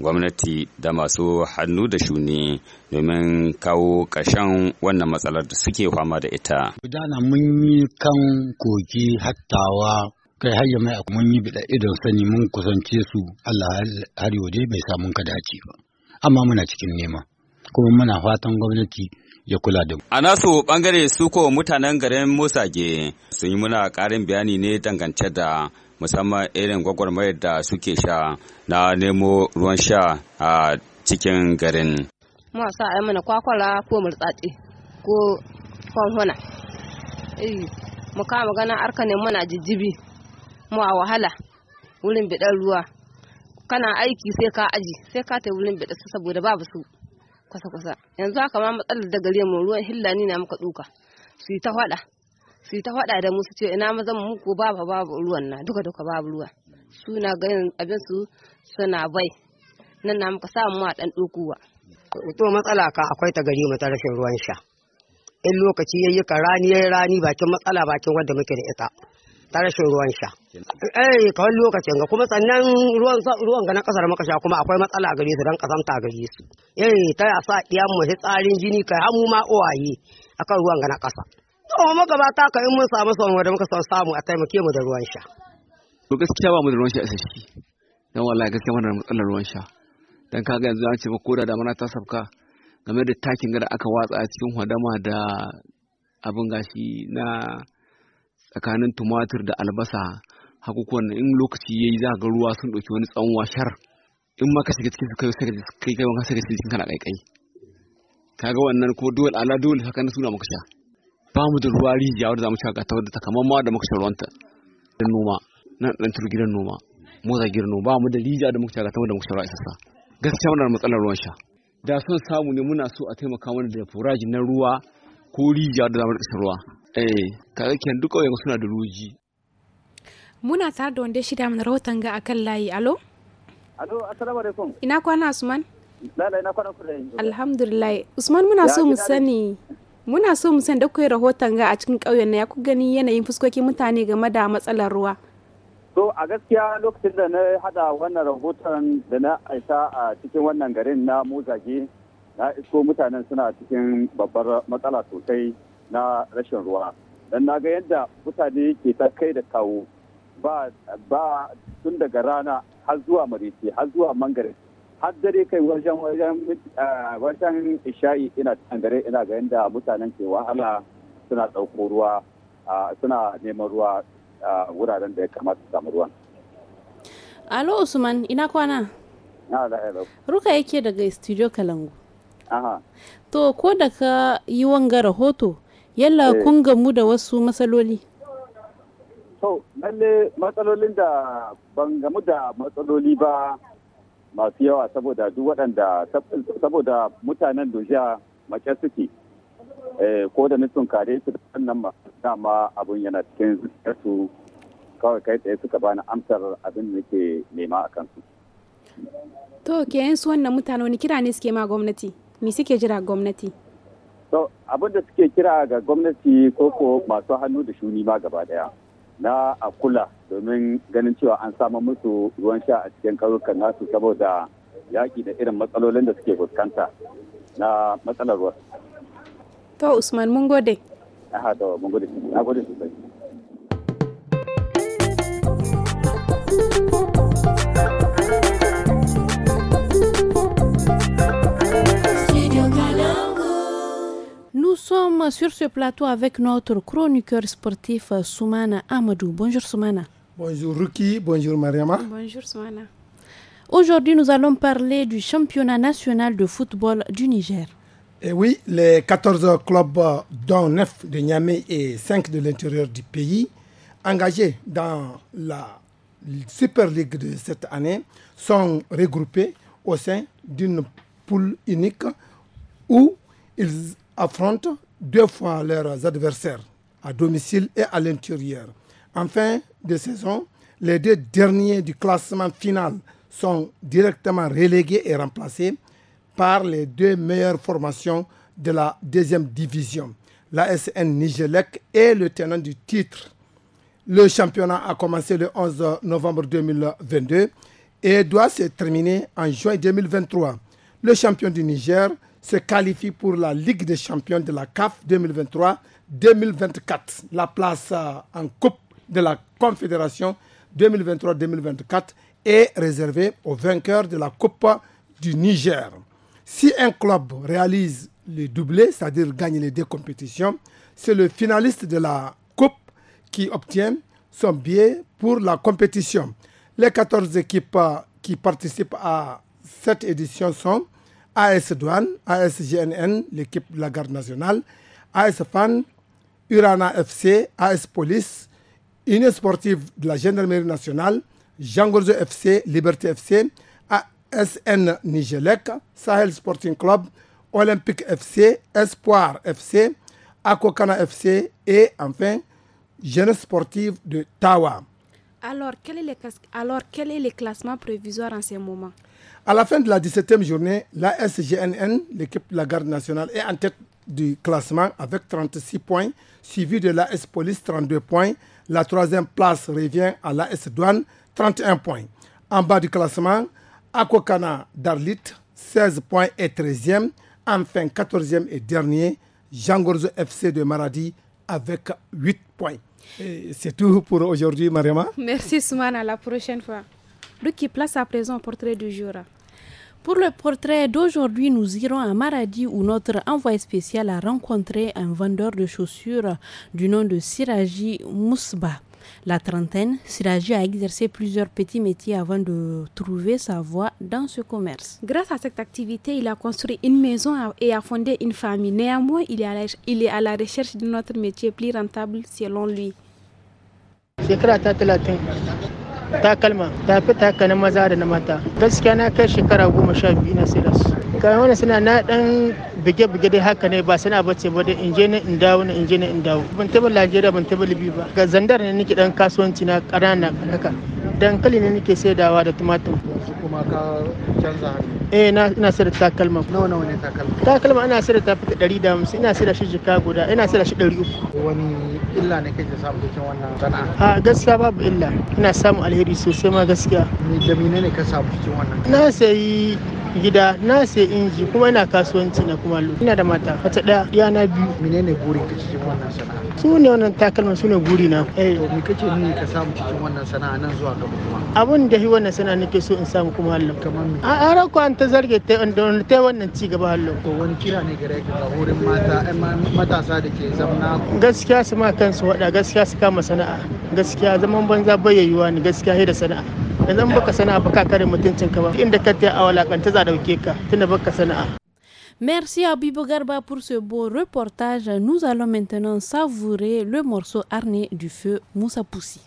gwamnati da masu hannu da shuni domin kawo ƙashen wannan matsalar da suke fama da ita. Gudana mun yi kan kogi hattawa kai har mai mun yi biɗa idon sani mun kusance su Allah har yaudai bai samu ka dace ba. Amma muna cikin nema. kuma muna fatan gwamnati ya kula da mu. A nasu bangare su ko mutanen garin Musage sun yi muna ƙarin bayani ne dangance da musamman irin gwagwarmayar da suke sha na nemo ruwan sha a cikin garin. Masu a ai mana kwakwala ko murtsatsi ko kwanhuna. Mu kama ganin arka ne mana jijjibi mu a wahala wurin bidan ruwa. Kana aiki sai ka aji sai ka ta wurin bidan su saboda babu su kwasa-kwasa. Yanzu haka ma matsalar da gare mu ruwan hillani na muka duka su yi ta faɗa. su ta faɗa da musu ce ina mazan muku babu babu ruwan na duka duka babu ruwa suna ganin abin su suna bai nan na muka samu a dan dokuwa to matsala ka akwai ta gari ta rashin ruwan sha in lokaci ya yi rani yayi yi rani bakin matsala bakin wanda muke da ita ta rashin ruwan sha eh kawai lokacin ga kuma sannan ruwan ruwan ga na kasar sha, kuma akwai matsala gare su dan kasanta gare su eh ta yasa diyan mu tsarin jini kai hamu ma owaye akan ruwan ga na kasa Yawan magabata ka in mun samu son wadda muka son samu a taimake mu da ruwan sha. To gaskiya ba mu da ruwan sha isasshe. Dan wallahi gaskiya muna da matsalar ruwan sha. Dan kaga yanzu an ce ba ko da damana ta sabka game da takin gada aka watsa a cikin hadama da abin gashi na tsakanin tumatir da albasa hakukuwan in lokaci yayi za ga ruwa sun ɗauki wani tsawon washar in ma ka shiga cikin kai sai kai kai wanka sai ka cikin kana kaikai kaga wannan ko dole ala dole hakan suna maka sha ba mu da ruwa rijiya wadda za mu shaka ta wadda ta kamar ma da muka sha ruwanta da noma nan dan turgidan noma motsa girno ba mu da rijiya da muka shaka ta wadda muka sha ruwa isassa gaskiya muna da matsalar ruwan sha da sun samu ne muna so a taimaka mana da furaji na ruwa ko rijiya da za mu sha ruwa eh kaga kenan duk ƙauyen suna da ruji muna tare da wanda shida mana rahoton ga akan layi alo alo assalamu alaikum ina kwana usman lalai ina kwana kudai alhamdulillah usman muna so mu sani muna so mu san da kuwa rahoton ga a cikin ƙauyen na ya ku gani yanayin fuskokin mutane game da matsalar ruwa to a gaskiya lokacin da na hada wannan rahoton da na aisa a cikin wannan garin na muzage na isko mutanen suna cikin babbar matsala sosai na rashin ruwa dan na ga yadda mutane ke ta kai da kawo ba tun daga rana har zuwa marici har zuwa mangare har dare kai wajen wajen wajen isha'i ina dare ina ga yadda mutanen ke wahala suna ɗauko ruwa suna neman ruwa wuraren da ya kamata su samu ruwan. Alo Usman ina kwana? Ruka yake daga studio Kalangu. Aha. To ko da ka yi wanga rahoto yalla eh. kun gamu da wasu matsaloli. To lalle matsalolin da ban gamu da matsaloli ba masu yawa saboda duk waɗanda saboda mutanen dojiya mace suke eh, ko da nufin kare su da wannan dama abun yana cikin su kawai kai tsaye suka bani amsar abin da nake nema a kansu. To ke yin su wannan mutane wani kira ne suke ma gwamnati? Me suke jira gwamnati? To abin da suke kira ga gwamnati ko ko masu hannu da shuni ma gaba daya na a kula domin ganin cewa an samu musu ruwan sha a cikin ƙauyukan nasu saboda yaƙi da irin matsalolin da suke fuskanta na matsalar ruwa. To Usman mun gode. Aha to mun gode. Na gode sosai. Nous sommes sur ce plateau avec notre chroniqueur sportif Soumana Amadou. Bonjour Soumana. Bonjour Ruki, bonjour Mariama. Bonjour Souana. Aujourd'hui, nous allons parler du championnat national de football du Niger. Et eh oui, les 14 clubs, dont 9 de Niamey et 5 de l'intérieur du pays, engagés dans la Super League de cette année, sont regroupés au sein d'une poule unique où ils affrontent deux fois leurs adversaires à domicile et à l'intérieur. En fin de saison, les deux derniers du classement final sont directement relégués et remplacés par les deux meilleures formations de la deuxième division, l'ASN Nigelec est le tenant du titre. Le championnat a commencé le 11 novembre 2022 et doit se terminer en juin 2023. Le champion du Niger se qualifie pour la Ligue des champions de la CAF 2023-2024. La place euh, en Coupe de la Confédération 2023-2024 est réservé aux vainqueurs de la Coupe du Niger. Si un club réalise le doublé, c'est-à-dire gagne les deux compétitions, c'est le finaliste de la Coupe qui obtient son billet pour la compétition. Les 14 équipes qui participent à cette édition sont AS Douane, AS GNN, l'équipe de la garde nationale, AS Fan, Urana FC, AS Police, Union sportive de la gendarmerie nationale, Jean Gorzo FC, Liberté FC, ASN Nigelec, Sahel Sporting Club, Olympique FC, Espoir FC, Akokana FC et enfin Jeunesse sportive de Tawa. Alors quel, est le, classement prévisoire en ce moment À la fin de la 17e journée, la SGNN, l'équipe de la garde nationale, est en tête du classement avec 36 points, suivi de la police 32 points, la troisième place revient à l'AS Douane, 31 points. En bas du classement, Akokana Darlit, 16 points et 13e. Enfin, 14e et dernier, Jangorzo FC de Maradi avec 8 points. C'est tout pour aujourd'hui, Mariama. Merci, Soumana. À la prochaine fois. qui place à présent portrait du jour. Pour le portrait d'aujourd'hui, nous irons à Maradi où notre envoyé spécial a rencontré un vendeur de chaussures du nom de Siraji Mousba. La trentaine, Siraji a exercé plusieurs petits métiers avant de trouver sa voie dans ce commerce. Grâce à cette activité, il a construit une maison et a fondé une famille. Néanmoins, il est à la, recherche d'un autre métier plus rentable selon lui. takalma taka na maza da na mata gaskiya na kai shekara goma sha biyu na sai da su kayan wani suna na dan bige-bige dai haka ne ba suna bace ba da inje na in dawo na inje na in dawo ban taba Najeriya ban taba Libi ba ga zandar ne nake dan kasuwanci na ƙanana haka dankali ne nake saidawa da tumatir yanzu kuma ka canza hannu eh na ina sayar da takalma nawa nawa ne takalma takalma ina sayar da tafi 150 ina sayar da shi jika guda ina sayar da shi 300 wani illa ne kake samu cikin wannan sana'a a gaskiya babu illa ina samu alheri sosai ma gaskiya ni da ne ka samu cikin wannan na sayi gida na sai inji kuma ina kasuwanci na kuma lu ina da mata wata daya na biyu menene burin ka cikin wannan sana'a su ne wannan takalman su ne buri na eh me kace ne ka samu cikin wannan sana'a nan zuwa ga abun da hi wannan sana nake so in samu kuma hallo kamar a ara ko an ta zarge ta wanda ta wannan ci gaba hallo to wani kira ne gare ka wurin mata eh, matasa da ke zamna gaskiya su ma kansu wada gaskiya su kama sana'a gaskiya zaman banza bayyayuwa ne gaskiya da sana'a yanzu baka sana'a baka kare mutuncin ka ba inda ka ta a ta za dauke ka tunda baka sana'a Merci à Bibo Garba pour ce beau reportage. Nous allons maintenant savourer le morceau Arné du feu Moussa Poussi.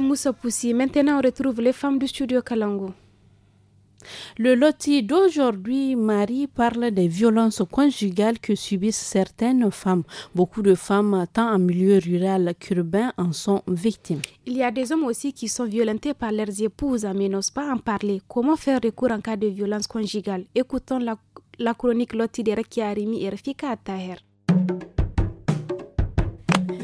Moussa Poussi. Maintenant, on retrouve les femmes du studio Kalango. Le loti d'aujourd'hui, Marie parle des violences conjugales que subissent certaines femmes. Beaucoup de femmes, tant en milieu rural qu'urbain, en sont victimes. Il y a des hommes aussi qui sont violentés par leurs épouses, mais n'osent pas en parler. Comment faire recours en cas de violence conjugale Écoutons la, chronique loti de Rekia et Rafika Taher.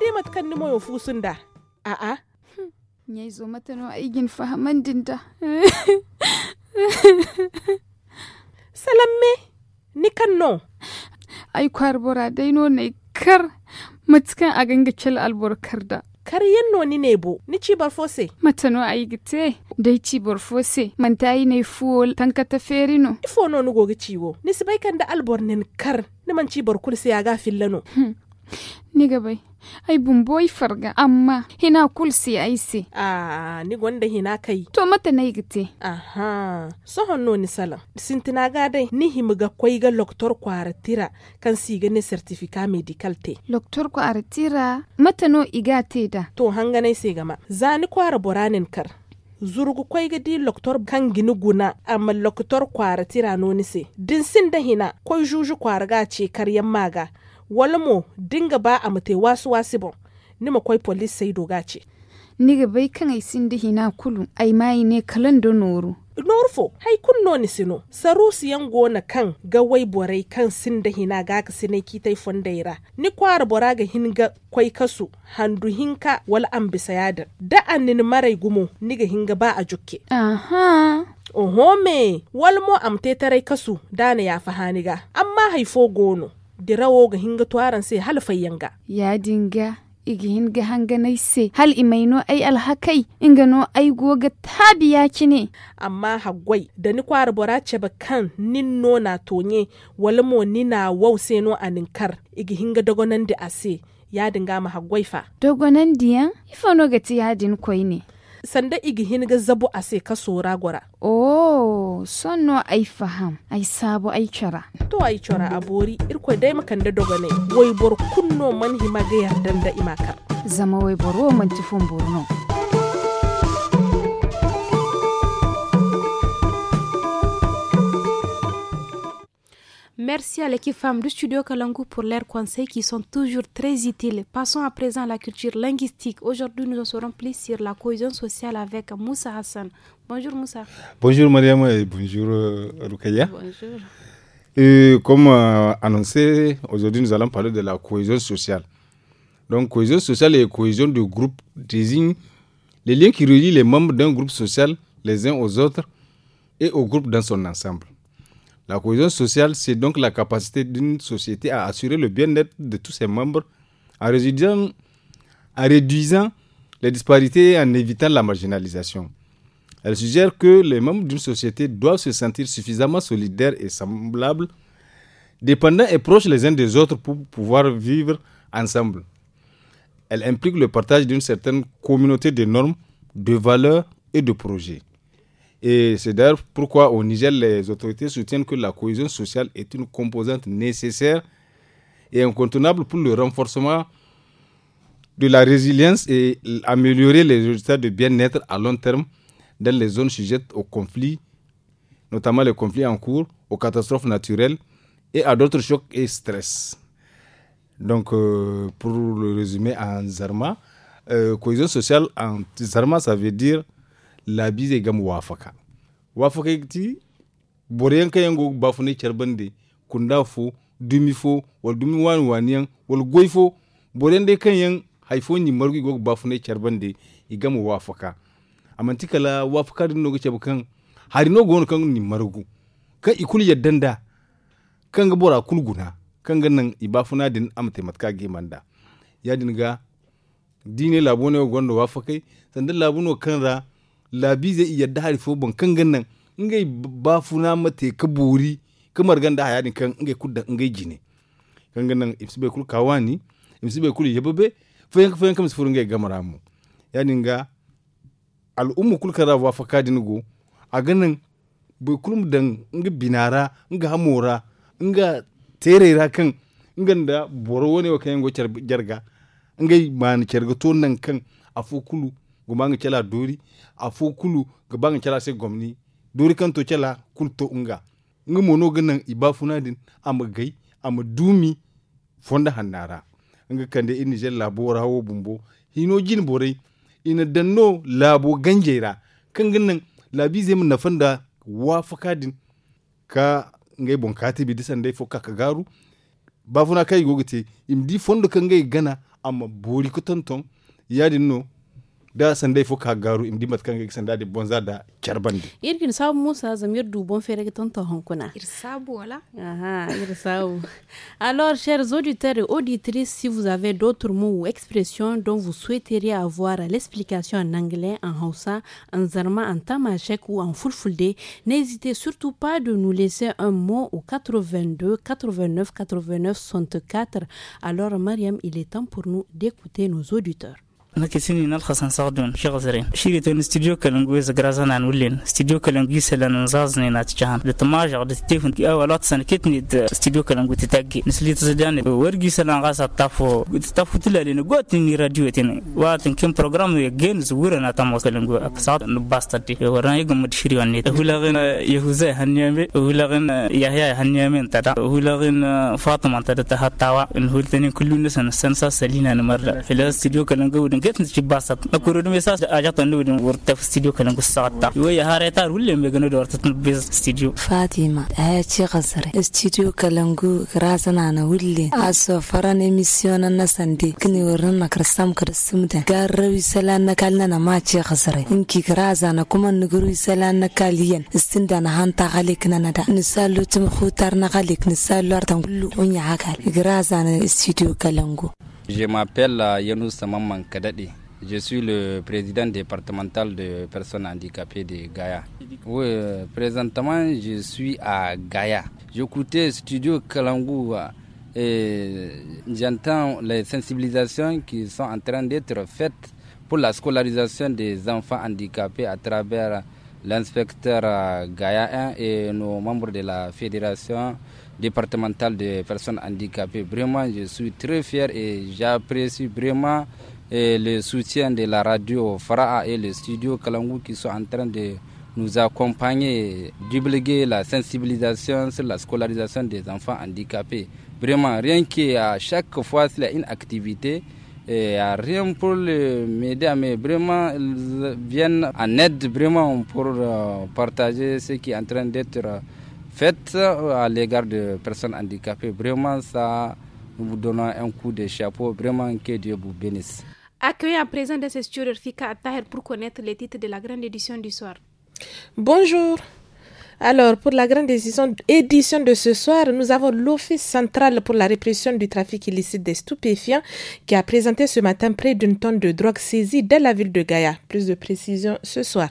demat kan ni moyo fusunda a'a hmm. nyai salamme ni kan no ay kwaara bora day no ne kar kaŋ a ga nga cale alboro kar no ni bo ni ga te matano ayi gite dai cibar fose man tayi ne fuwo tanka feeri no ifo no ga ci ciwo ni sibai kan alboro albor ni kar ni boro kulu se a ga filla no hmm. Ni bai ai bumboi farga amma hina kulsi ai se ah ni gwanda hina kai to mata nai gite aha so honno ni sala sintina ga dai ni himu ga kwai ga loktor kwaratira kan si ga ne medical te Loktor kwaratira mata no iga te da to hanga nai se gama zani kwara boranin kar zurgu kwai ga di loktor kan gini guna amma loktor kwara tira nonise din sin da hina kwai juju kwara ga ce karyan maga wala dinga ba a mutai wasu wasi bon ni makwai polis sai doga ce ni ga bai kan ai dihi na kulu ai mai ne kalan do noru norfo hai kunno ni sino su yan gona kan ga wai borai kan dihi na ga ka sinai kitai fondaira ni kwara bora ga ga kwai kasu handu hinka wal an bisa yada da annin marai gumo hin ga ba a jukke aha oho me walmo am tarai kasu dana ya fahaniga amma haifo gono dirawo ga hinga tuwaran sai halfa yanga ya dinga igi hinga sai. hal imaino ai alhakai ingano ai goga tabiya kine amma hagwai da ni kwara borace kan ninno na tonye wala walmo nina wauseno aninkar igi hinga dogonan da ase ya dinga ma hagwai fa dogonan diyan no gati yadin koi ne sanda igi hinga zabu sai ka sora gwara. oh sonno ai faham ai sabo ai chara to ai chara abori irko dai makanda dogane wai bor kunno man ga yardan da imakar zama wai boro man tifon borno Merci à l'équipe femme du studio Kalangu pour leurs conseils qui sont toujours très utiles. Passons à présent à la culture linguistique. Aujourd'hui, nous en serons plus sur la cohésion sociale avec Moussa Hassan. Bonjour Moussa. Bonjour Mariam et bonjour euh, Rukaya. Bonjour. comme euh, annoncé, aujourd'hui nous allons parler de la cohésion sociale. Donc cohésion sociale et cohésion de groupe désignent les liens qui relient les membres d'un groupe social les uns aux autres et au groupe dans son ensemble. La cohésion sociale, c'est donc la capacité d'une société à assurer le bien-être de tous ses membres en réduisant, les disparités et en évitant la marginalisation. Elle suggère que les membres d'une société doivent se sentir suffisamment solidaires et semblables, dépendants et proches les uns des autres pour pouvoir vivre ensemble. Elle implique le partage d'une certaine communauté de normes, de valeurs et de projets. Et c'est d'ailleurs pourquoi au Niger, les autorités soutiennent que la cohésion sociale est une composante nécessaire et incontournable pour le renforcement de la résilience et améliorer les résultats de bien-être à long terme dans les zones sujettes aux conflits, notamment les conflits en cours, aux catastrophes naturelles et à d'autres chocs et stress. Donc, euh, pour le résumer en Zarma, euh, cohésion sociale en Zarma, ça veut dire labi zai gama wafaka wafaka ti boriyan kayan go bafu ne de kunda fo dumi fo wal dumi wani wani yan wal goy fo boriyan de kayan haifo ni margu go bafu ne de i gama wafaka tika la wafaka din no gace kan hari no gono kan ni margu kan ikul danda kan ga bora kulguna kan ga nan i ba ibafuna din amte matka ge manda ya dinga dine labuno gondo wafakai sandan labuno kan ra labi zai iya da hari fo ban kan gannan ngai ba funa mate ka buri kamar ganda haya ni kan ngai kudda ngai jine kan gannan bai kul kawani bai kul yababe fayan fayan kam sifur ga gamara mu yani nga al ummu kul kara wa faka go a ganin bai kulum dan nga binara nga hamora nga terera kan nga da boro wani wa kan go jarga ngai man carga to nan kan afu kulu go cɛla chela duri afo kulu go bangi chela se gomni duri kanto chela kulto unga ngi mono ganan iba funadin ama gai ama dumi fonda hannara ngi kande ini labo rawo bumbo hino jin bore ina danno labo ganjera kan ganan labi zai mun nafanda wa fakadin ka ngai bonkati bi disan dai foka ka garu bafuna kai gogite imdi fondo kan ngai gana amma bori kutanton yadin no alors chers auditeurs et auditrices si vous avez d'autres mots ou expressions dont vous souhaiteriez avoir l'explication en anglais en hausa en zarma en tamashek ou en fulfulde n'hésitez surtout pas de nous laisser un mot au 82 89 89 64 alors Mariam il est temps pour nous d'écouter nos auditeurs nakasini nalkhasan saqdun shaqasrin shiritan studio kalanguisa grazanan wulin studio kalanguisa lan zazni natjahan de tamaja de tefun ki awalat san kitni de studio kalanguti taggi nisli tsdan wargisa lan qasa tafu tafu tilalin gotni radio tin watin kim program ye gen zuwira na tamo kalangu aksad nubasta de waran yegum de shiriwan ne hulagin yahuza hanyame hulagin yahya hanyame tada hulagin fatima tada hattawa in hultani kullu nasan sansa salina namar fil studio kalangu نجت نتباسط ما كورد مساس أجت نود ورت في استديو كلام قصة ويا هاريتا رول ما جنود ورت تنبيز استديو فاطمة أشي غزرة استديو كلام قو كراسنا أنا ولي أسو فران إميسيون أنا سندي كني ورنا كرسام كرسم ده قرر سلام نكالنا نما أشي غزرة إنكي كراسنا كمان نقول سلام نكاليان استندنا هانتا غليك نندا نسالو تمخوتر نغليك نسالو أردن كله ونيا عقل كراسنا استديو كلام Je m'appelle euh, Yanous Mamman Kadadi. Je suis le président départemental de personnes handicapées de Gaïa. Oui, euh, présentement, je suis à Gaïa. J'écoutais Studio Kalangou euh, et j'entends les sensibilisations qui sont en train d'être faites pour la scolarisation des enfants handicapés à travers l'inspecteur Gaïa 1 et nos membres de la fédération départementale des personnes handicapées. Vraiment, je suis très fier et j'apprécie vraiment eh, le soutien de la radio Faraa et le studio Kalangou qui sont en train de nous accompagner, divulguer la sensibilisation sur la scolarisation des enfants handicapés. Vraiment, rien qu'à chaque fois, il y a une activité, et eh, à rien pour les médias, mais vraiment, ils viennent en aide vraiment pour euh, partager ce qui est en train d'être euh, fait, à l'égard de personnes handicapées. Vraiment, ça, nous vous donnons un coup de chapeau. Vraiment, que Dieu vous bénisse. Accueillons à présent de ce Fika Attaher pour connaître les titres de la grande édition du soir. Bonjour. Alors, pour la grande édition, de ce soir, nous avons l'Office central pour la répression du trafic illicite des stupéfiants qui a présenté ce matin près d'une tonne de drogue saisie dans la ville de Gaïa. Plus de précisions ce soir.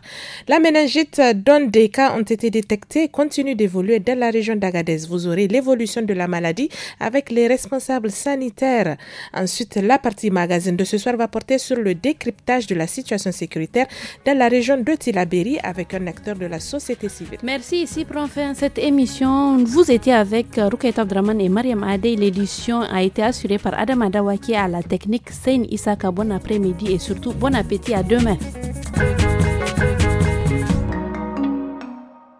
La méningite dont des cas ont été détectés continue d'évoluer dans la région d'Agadez. Vous aurez l'évolution de la maladie avec les responsables sanitaires. Ensuite, la partie magazine de ce soir va porter sur le décryptage de la situation sécuritaire dans la région de Tilaberi avec un acteur de la société civile. Merci ici prend fin cette émission. Vous étiez avec euh, Rukait Abdraman et Mariam Adey. L'édition a été assurée par Adam Adawaki à la technique Seine Isaka. Bon après-midi et surtout bon appétit à demain.